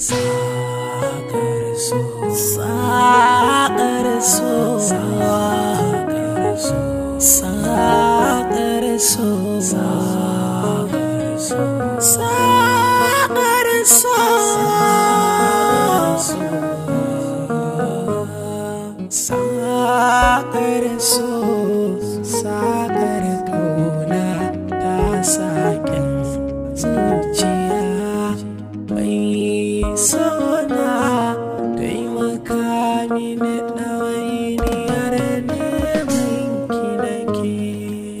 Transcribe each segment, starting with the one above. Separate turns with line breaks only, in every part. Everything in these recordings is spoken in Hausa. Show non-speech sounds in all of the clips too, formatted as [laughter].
Sacar eso, sacar eso, sacar eso, sacar eso, sacar eso, sacar eso, sacar eso,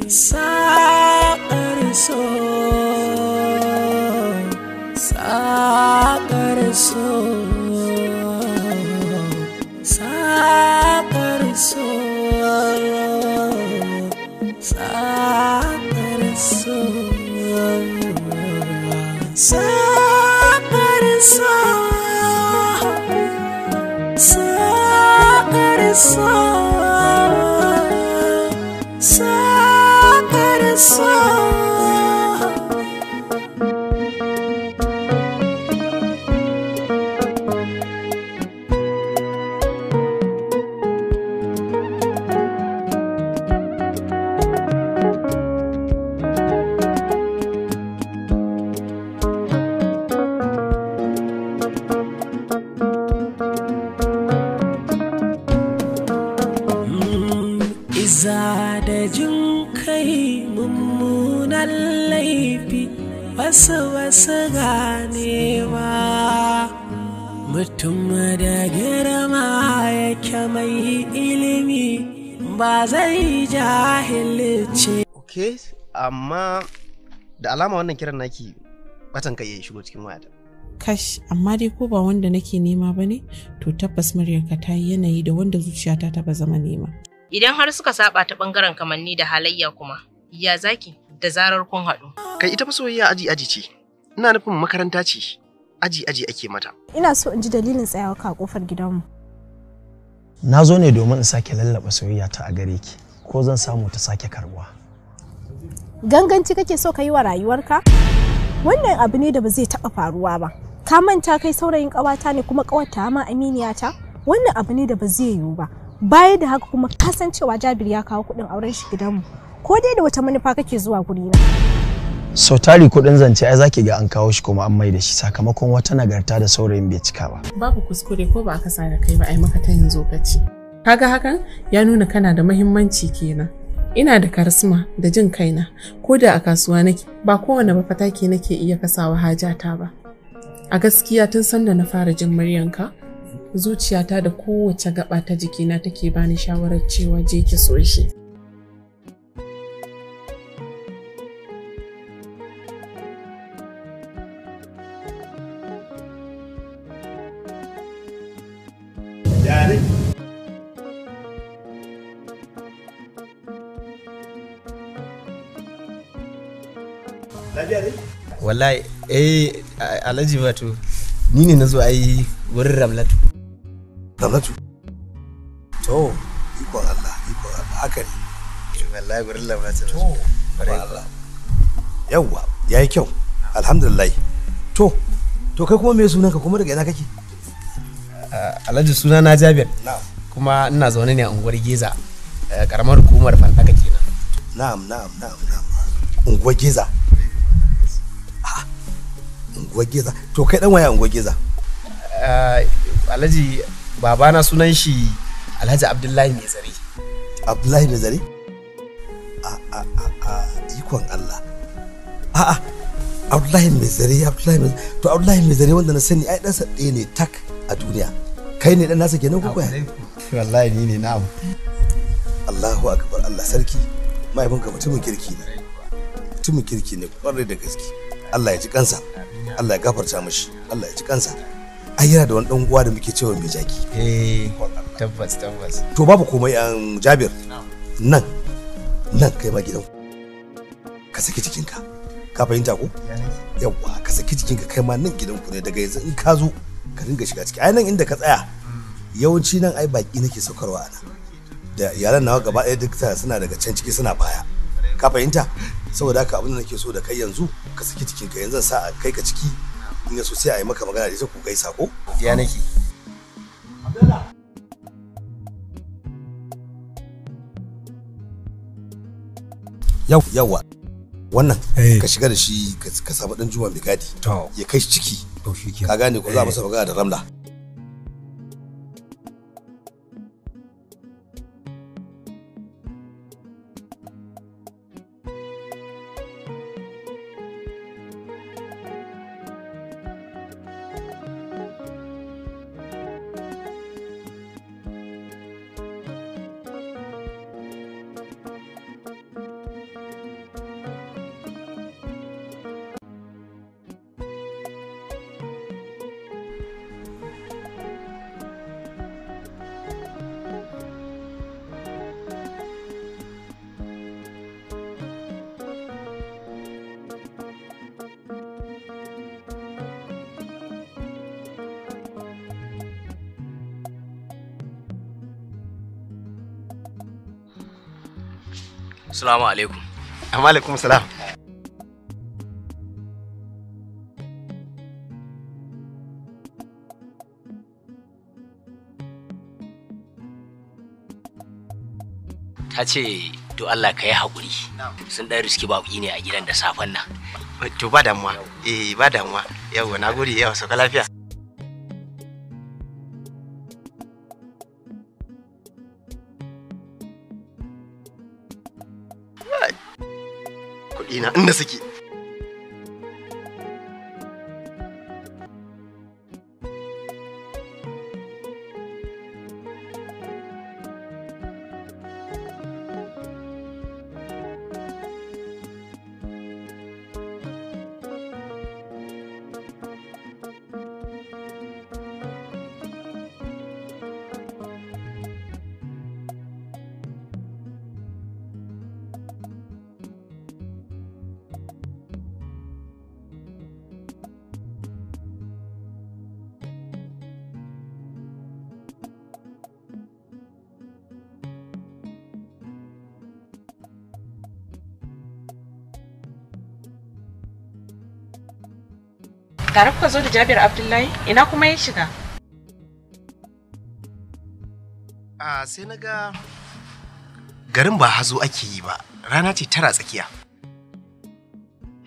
Sacar sou, sacar sou, sacar sou, sacar sou, sacar sou, sacar sou. wasu wasu ganewa mutum
da girma yake mai ilimi ba zai jahilce ok amma da alama wannan kiran naki batan kai ya shigo cikin wayata
kash amma dai ko ba wanda nake nema ba ne to tabbas muryarka ta yi yanayi da wanda zuciyata ta ba zama nema
idan har suka
saba ta bangaren kamanni da halayya kuma Ya zaki da zarar kun haɗu.
Kai ita soyayya aji aji ce. Ina nufin makaranta ce. Aji aji ake mata.
Ina so in ji dalilin tsayawa ka kofar gidanmu.
Na zo ne domin in sake lallaba soyayya ta a gare ki ko zan samu ta sake karbuwa.
Ganganci kake so ka yi wa rayuwarka? Wannan abu ne da ba zai taɓa faruwa ba. Ka manta kai saurayin ƙawata ne kuma ƙawata ma aminiyata? Wannan abu ne da ba zai yiwu ba. Baya da haka kuma kasancewa Jabir ya kawo kuɗin auren shi gidanmu. ko dai da wata manufa kake zuwa guri na
sau tari kuɗin zance ai zaki ga an kawo shi kuma an mai da shi sakamakon wata nagarta da saurayin bai cika ba
babu kuskure ko ba aka da kai ba ai maka ta yin zokaci kaga hakan ya nuna kana da mahimmanci kenan ina da karisma da jin kaina ko da a kasuwa nake ba kowane fataki nake iya kasawa hajata ba a gaskiya tun san da na fara jin muryanka zuciyata da kowace gaba ta jikina take bani shawarar cewa je ki so shi
wallahi eh alhaji wato ni ne nazo ai wurin ramlatu ramlatu to ikon Allah ikon Allah haka
ne eh, wallahi wurin ramlatu to wallahi yawa yayi kyau alhamdulillah to to kai kuma me sunan ka kuma daga ina kake
alhaji suna na jabir kuma ina zaune ne a unguwar geza eh, karamar hukumar fantaka kenan na'am
na'am na'am na'am
unguwar geza
unguwar to kai dan waya unguwar geza
eh, alhaji babana sunan shi alhaji abdullahi mai zare abdullahi mai zare a a a ikon allah a a
abdullahi mai zare abdullahi mai to abdullahi mai zare wanda na sani ai sa ɗaya ne tak a duniya kai ne dan nasa kenan ko kai. wallahi ni ne na'am Allahu akbar Allah sarki bunka mutumin kirki ne mutumin kirki ne kwarai da gaske Allah ya ji kansa Allah ya gafarta mishi Allah ya ji kansa ai yana da wani dan uwa da muke cewa mai jaki
eh tabbas tabbas to babu
komai an um, Jabir nan nan kai ma gidan ka saki jikinka ka fahimta ko yawa ka saki jikinka kai ma nan gidan ku ne daga yanzu in ka zo ka ringa shiga ciki ai nan inda ka tsaya
hmm.
yawanci nan ai baki nake saukarwa ana da iyalan nawa gaba ɗaya duk suna daga can ciki suna baya ka fahimta saboda haka abin da nake so da kai yanzu ka saki cikin ka yanzu sa a kai ka ciki in ga so sai a yi maka magana da ita ku kai ko ya nake yau wannan eh. ka shiga da shi ka samu dan juma mai ya kai shi ciki ka gane ko za masa eh. magana da ramla
Salamu alaikum. Alaikum salam. Ta ce to Allah ka yi haƙuri sun ɗan riski baƙi ne a gidan da safen nan. To ba damuwa, eh ba damuwa, yau na gode yau sauka lafiya.
なあんな席
tare kuka zo da Jabir Abdullahi ina kuma ya shiga?
A sai na ga garin ba hazo ake yi ba rana ce tara tsakiya.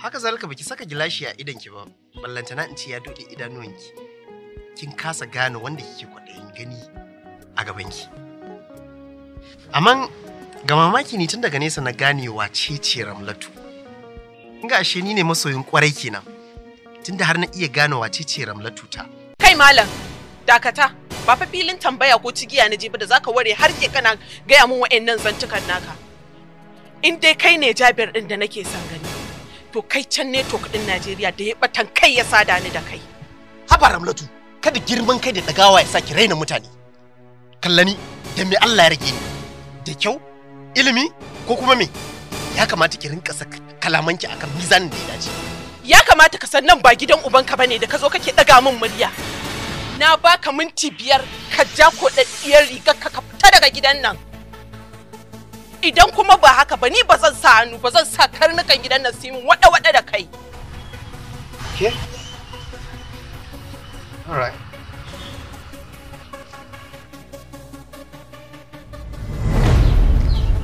Haka zalika baki saka gilashi a idanki ba ballantana in ce ya dode idanuwanki. Kin kasa gane wanda kike kwaɗayin gani a gabanki. Amma ga mamaki ne tun daga nesa na gane wace ce Ramlatu. Ga ashe ni ne masoyin kwarai kenan. tunda har na iya gane wace ce ramlatu ta kai malam dakata
ba fa filin tambaya ko cigiya na jibi da zaka ware har ke kana gaya mun wa'annan zantukan naka in dai kai ne jabir din da nake son gani to kai can ne to ɗin
Najeriya da ya batan kai ya sada ni da kai haba ramlatu kada girman kai da dagawa ya saki raina mutane kallani da me Allah ya rage ni da kyau ilimi ko kuma me ya kamata ki rinka saka kalamanki akan mizanin da ya dace ya kamata ka san nan ba gidan ubanka bane da ka zo kake daga min murya na baka minti
biyar ka ja ko daddiyar rigar ka fita daga gidan nan idan kuma ba haka ba ni ba zan sa hannu ba zan sa karnukan gidan nan su yi wada wada da kai
ke all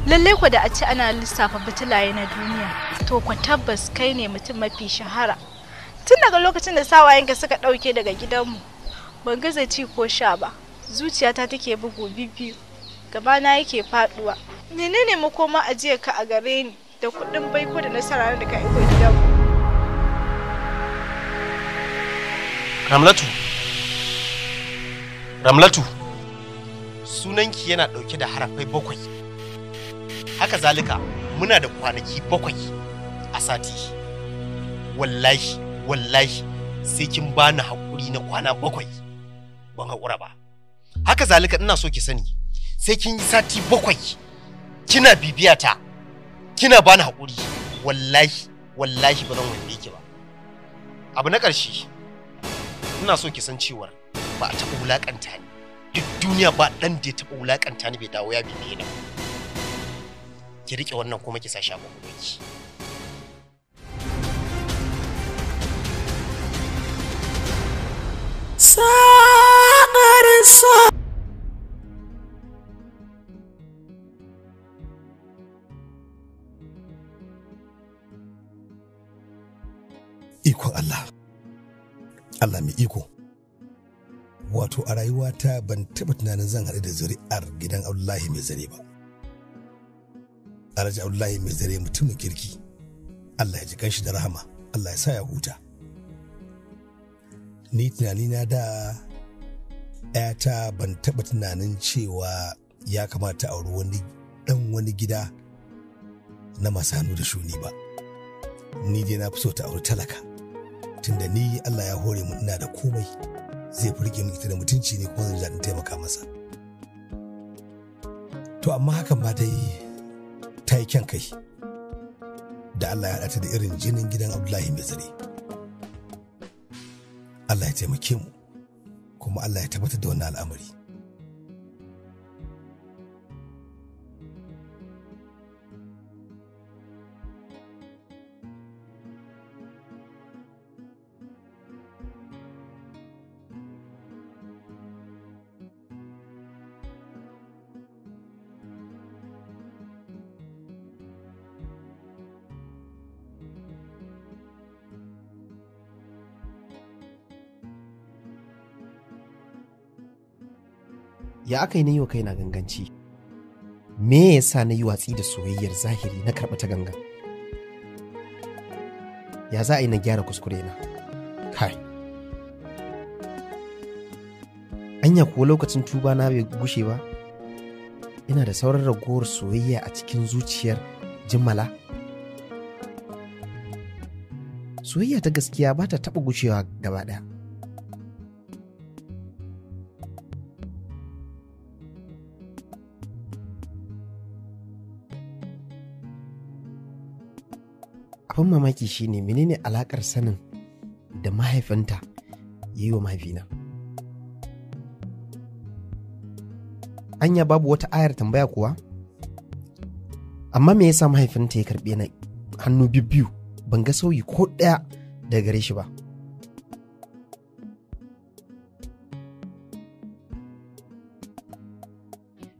lallai ku da a ci ana lissafa fitilaye na duniya to ku tabbas kai ne mutum mafi shahara tun daga lokacin da sawayenka suka ɗauke daga gidanmu ban gaza ci ko sha ba zuciyata take bugu gaba na yake faduwa menene makoma ajiyar ka a gare ni da kuɗin baiko da nasara da ka aiko gidanmu
ramlatu ramlatu sunanki yana ɗauke da harafai bakwai haka zalika muna da kwanaki bakwai a sati wallahi wallahi sai kin bani hakuri na kwana bakwai ban haƙura ba haka zalika ina so ki sani sai kin yi sati bakwai kina ta kina bani hakuri wallahi wallahi ba zan wanne ki ba abu na ƙarshe ina so ki san cewar ba a taɓa wulaƙanta ni duk duniya ba ɗan da ya taɓa wulaƙanta ni bai dawo ya bibiye ni ki rike wannan kuma ki sashi a kwakwalwarki ki.
Ikon Allah, Allah mai iko. wato a rayuwata ban taɓa tunanin zan haɗu da zuri'ar gidan Allah mai zare ba. alhaji abdullahi mai zare mutumin kirki allah ya ji kanshi da rahama allah ya sa ya huta ni tunani na da ‘yata ban taɓa tunanin cewa ya kamata auri wani ɗan wani gida na masu hannu da shuni ba ni dai na fi so ta auri talaka tunda ni allah ya hore mu ina da komai zai furge mu ita da mutunci ne kuma zan taimaka masa to amma hakan ba dai ta kyan kai da Allah ya haɗa da irin jinin gidan Abdullahi mai zare. Allah ya taimake mu kuma Allah ya tabbatar da wannan al'amari.
da aka yi na yi wa kaina ganganci me ya sa na yi watsi da soyayyar zahiri na karɓa ta ganga? ya za a yi na gyara kuskure na kai anya kuwa lokacin tuba na bai gushe ba ina da sauran ragowar soyayya a cikin zuciyar jimala soyayya ta gaskiya ba ta taɓa gushewa gaba ɗaya abin mamaki shine menene alakar sanin da mahaifinta ya yi wa mahaifina anya babu wata ayar tambaya kuwa amma me yasa mahaifinta ya karbe na hannu biyu ban ga sauyi ko ɗaya daga gare shi ba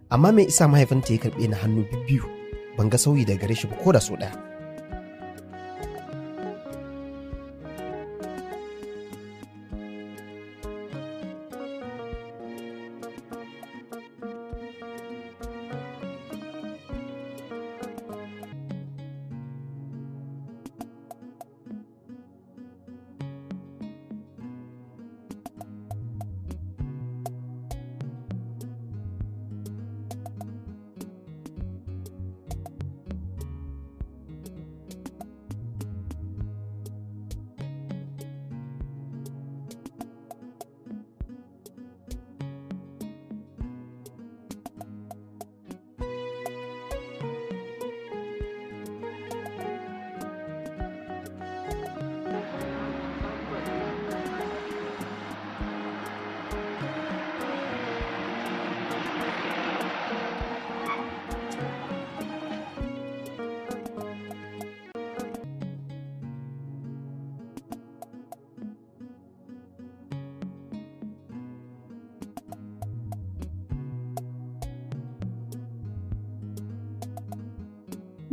amma me isa mahaifinta ya karbe na hannu biyu ban ga sauyi daga gare shi ba ko da so ɗaya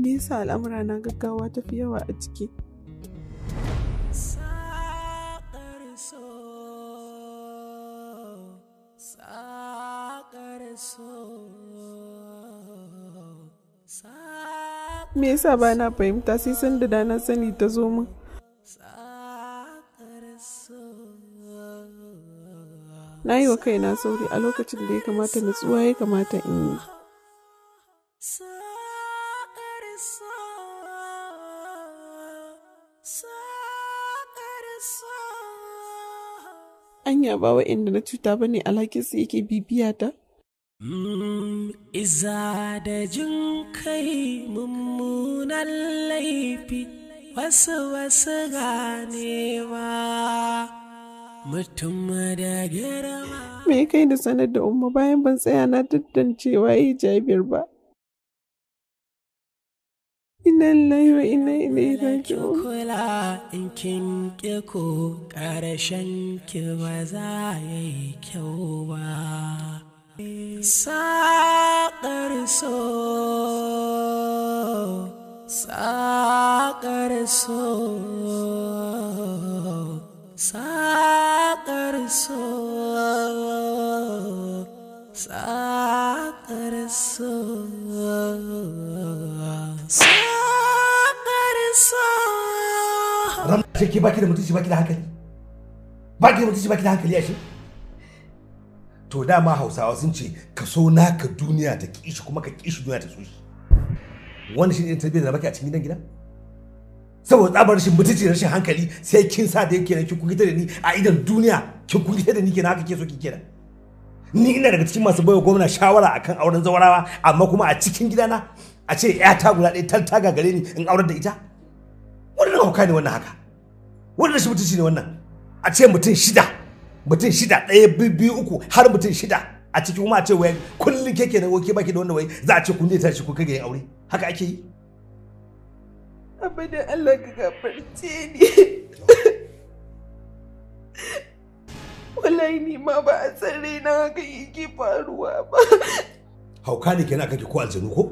me yasa al'amura na gaggawa ta fi yawa a ciki me yasa ba na fahimta sai san da dana sani ta zo min na yi wa kaina sauri a lokacin da ya kamata nutsuwa ya kamata in yi anya ba wa'inda na cuta ba ne su yake bibiya ta? Mm,
iza da jin kai mummunan laifi wasu wasu ganewa
mutum da girma. Me kai da sanar da umma bayan ban tsaya na tantancewa yi jabir ba. Ina lillahi wa ina ilaihi raji'un. Kula in kin
ko ƙarashen ki ba za ya yi kyau ba. Saƙar so, saƙar so, saƙar so. Sakar so
Sakar so Ramna ce ke baki da mutunci baki da hankali baki da mutunci baki da hankali ashe to dama Hausawa sun ce ka so naka duniya ta kishi kuma ka kishi duniya ta so shi ne shine tarbiyyar da baki a cikin gidan gidan saboda tsabar rashin mutunci rashin hankali sai kin sa da yake na kin kuka da ni a idan duniya kin kuka da ni kenan haka ke so kin kenan ni ina daga cikin masu baiwa gwamna shawara akan auren zawarawa amma kuma a cikin gidana a ce ta guda ɗaya talta gagare ni in aurar da ita wannan hauka ne wannan haka wannan shi mutunci ne wannan a ce mutum shida mutum shida ɗaya biyu uku har mutum shida a cikin kuma a ce wai kullum keke na woke baki da wanda wai za a ce kun je tashi ku kage aure haka ake yi
da Allah ka gafarce ni wallahi ni ma ba a san raina haka
yake faruwa ba hauka ne kenan kake ko aljanu ko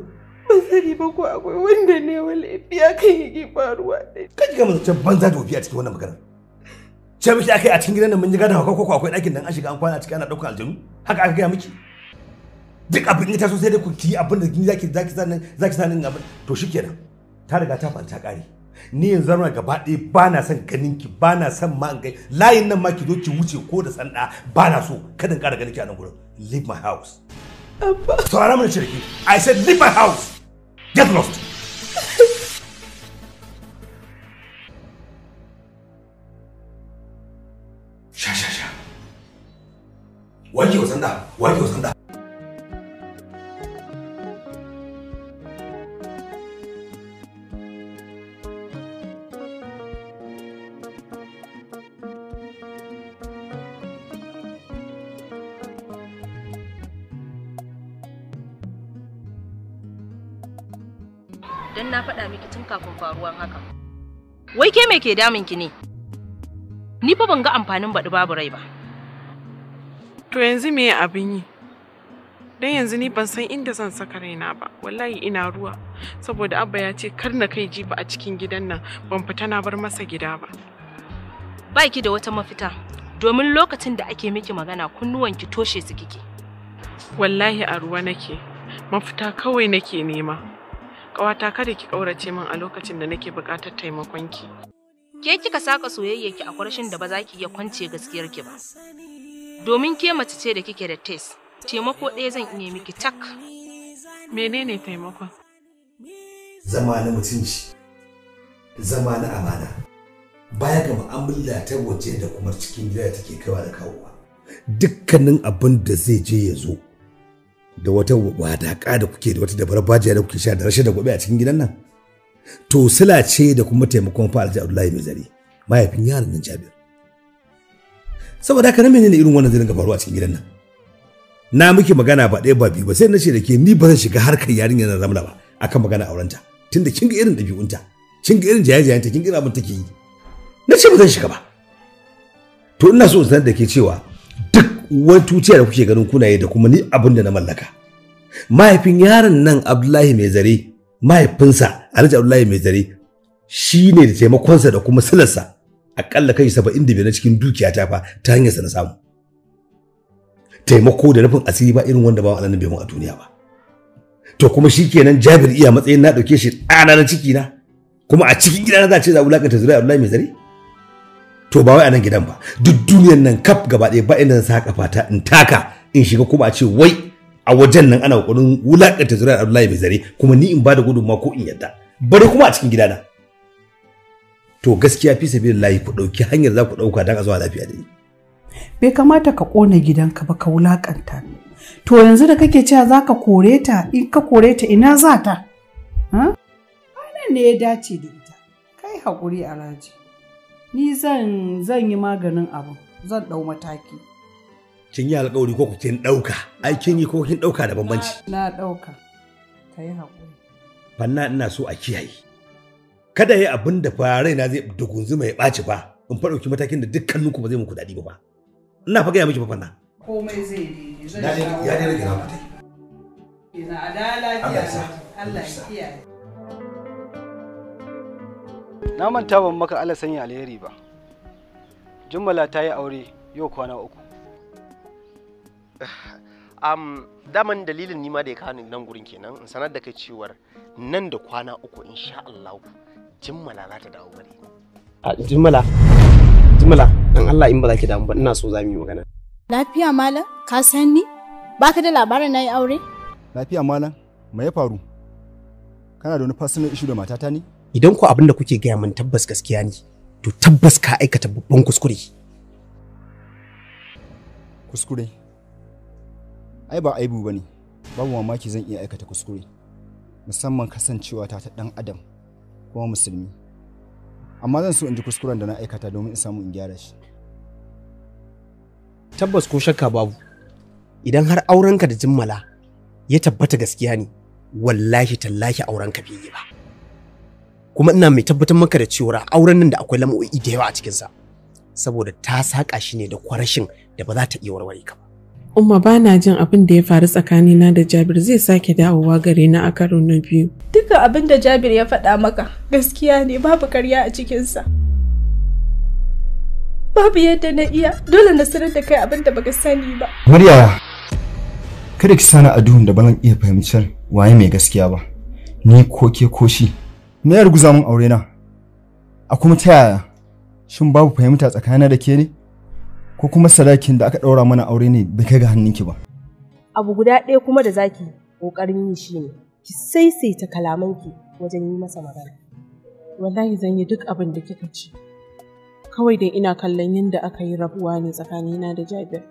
Ba sani ba ko akwai wanda ne wallahi biya kan yake faruwa dai kaji ga mutum banza da wafiya a cikin wannan magana ce miki akai a cikin gidan nan mun ji gada hauka ko akwai ɗakin nan an shiga an kwana a ciki ana ɗaukar aljanu haka aka gaya miki duk abin ta so sai dai ku ki abin da zaki zaki zaki zaki sanin abin to shikenan ta riga ta fanta kare ni yanzu zama gaba ɗaya ba na son ganin ki ba na son ma gai layin nan ma ki zo ki wuce ko da sanda ba na so kada in ƙara ganin ki a nan gurin leave my house abba saurara mana shirki i said leave my house get lost sha sha sha wake wa sanda wake wa sanda
don na faɗa miki tun kafin faruwan haka. Wai ke me ke damun ki ne?
Ni fa ban ga amfanin baɗi babu rai ba. To yanzu me abin yi? Don yanzu ni ban san inda zan saka raina ba, wallahi ina ruwa. Saboda Abba ya ce kar na kai jifa a cikin gidan nan ban fita na bar masa gida ba.
Ba ki da wata mafita, domin lokacin da ake miki magana kunnuwanki toshe su kike.
Wallahi a ruwa nake, mafita kawai nake nema. kawata kada ki ƙaurace min a lokacin da nake buƙatar ki Ke kika saka soyayyarki
a kwarshin da ba za ki iya kwance gaskiyarki ba. Domin ke mace ce da kike da tes, taimako ɗaya zan iya miki tak. Menene taimakon?
Zama na mutunci, zama na amana. Baya ga mu'amala ta waje da kuma cikin gida take kaiwa da kawowa. Dukkanin abin da zai je ya zo. da wata wadaƙa da kuke da wata dabarar bajiya da kuke sha da rashin da gobe a cikin gidan nan to sula ce da kuma taimakon fa alhaji abdullahi mai zari mahaifin yaron nan jabir saboda haka na menene irin wannan zai ga a cikin gidan nan na miki magana ba ɗaya ba biyu ba sai na ce da ke ni ba zan shiga harkar yarinyar na ramla ba akan magana aurenta tunda kin ga irin ɗabi'unta kin ga irin jaye kin ga abin take yi na ce ba zan shiga ba to ina so sanar da ke cewa duk wani tuciya da kuke ganin kuna yi da kuma ni abin da na mallaka mahaifin yaron nan abdullahi mai zare mahaifinsa alhaji abdullahi mai zare shi ne da taimakonsa da kuma silarsa akalla kai saba'in da biyar na cikin dukiyata fa ta hanyarsa na samu taimako da nufin asiri ba irin wanda ba wa'alanin bai mun a duniya ba to kuma shi kenan jabir iya matsayin na ɗauke shi ɗana na ciki na kuma a cikin gidana za a ce za a wulakanta zuriya abdullahi mai zare to ba wai a nan gidan ba duk duniyar nan kaf gaba ɗaya ba inda sa haƙa in taka in shiga kuma a ce wai a wajen nan ana kokarin wulakanta zuriyar Abdullahi bai zare kuma ni in ba da gudunmawa ko in yadda bari kuma a cikin gidana to gaskiya fi sabilillahi ku ɗauki hanyar za ku ɗauka don a zuwa lafiya da ni
bai kamata ka ƙona gidanka ba ka wulakanta to yanzu da kake cewa za ka kore ta in ka kore ta ina za ta ne ya dace da ita kai haƙuri alhaji ni zan zan yi maganin abu zan ɗau mataki
kin yi alkawari ko kin ɗauka ai kin yi ko kin ɗauka da bambanci
na ɗauka ka yi haƙuri
fanna ina so a kiyaye kada yi abin da fa raina zai dugunzu mai ɓaci fa in fa dauki matakin da dukkaninku ba zai muku dadi ba ina fa gaya miki fa fanna
komai zai zai
ya daidai gina
mutai
ina adala Allah ya kiyaye
na manta ban maka Allah sanya alheri ba jummala ta yi aure yau kwana uku um, [sighs] daman dalilin nima da ya kawo nan gurin kenan in sanar da kai cewar nan da kwana uku insha Allah jummala za ta dawo gare ni a jummala jummala dan Allah in ba za ki damu ba ina so za mu yi magana
lafiya malam ka san ni baka da labarin nayi aure
lafiya malam me ya faru kana da wani personal issue da matata ne idan ku abin da kuke gaya min tabbas gaskiya ne to tabbas ka aikata babban kuskure kuskure ai ba aibu ba ne babu mamaki zan iya aikata kuskure musamman kasancewa ta ta dan adam kuma musulmi amma zan so in ji kuskuren da na aikata domin in samu in gyara shi tabbas ko shakka babu idan har aurenka da jimmala ya tabbata gaskiya ne wallahi tallahi aurenka bai yi ba kuma ina mai tabbatar maka da cewa auren nan da akwai lam'oi da yawa a cikinsa saboda ta saƙa shi ne da kwarashin da ba za ta iya warware ka ba.
Umma ba na jin abin da ya faru tsakanina da Jabir zai sake dawowa gare na a karo na biyu. Duka abin
da Jabir ya faɗa maka gaskiya ne babu karya a cikinsa. Babu yadda na iya dole na sanar da kai abin da baka sani ba.
Murya kada ki sani a duhun da ban iya fahimtar waye mai gaskiya ba. Ni ko ke ko shi na ya ruguza min aure na a kuma ta yaya shin babu fahimta tsakanina da ke ne ko kuma sadakin da aka ɗaura mana aure ne bai kai ga hannunki ba
abu guda ɗaya kuma da zaki ƙoƙarin yi shi ne ki saisaita kalamanki
wajen yi masa magana wallahi zan yi duk abin da kika ci kawai dai ina kallon yadda aka yi rabuwa ne tsakanina da jabir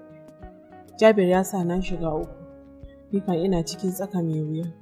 jabir ya sa na shiga uku ni ina cikin tsaka mai wuya